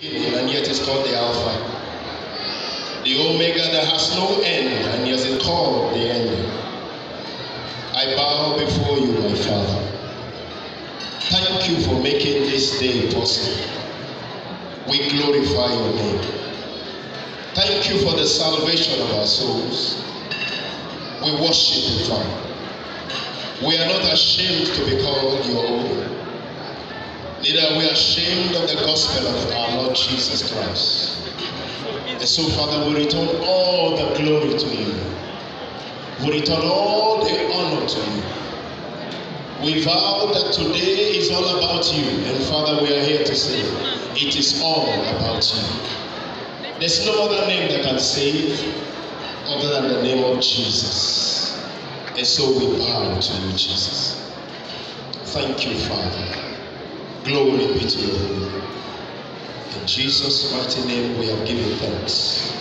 and yet it's called the Alpha. The Omega that has no end, and yet it's called the end. I bow before you, my Father. Thank you for making this day possible. We glorify your name. Thank you for the salvation of our souls. We worship you, Father. We are not ashamed to be called your Neither are we ashamed of the gospel of our Lord Jesus Christ. And so, Father, we return all the glory to you. We return all the honor to you. We vow that today is all about you. And Father, we are here to say, it is all about you. There's no other name that can save other than the name of Jesus. And so we bow to you, Jesus. Thank you, Father. Glory be to your name. In Jesus' mighty name, we have given thanks.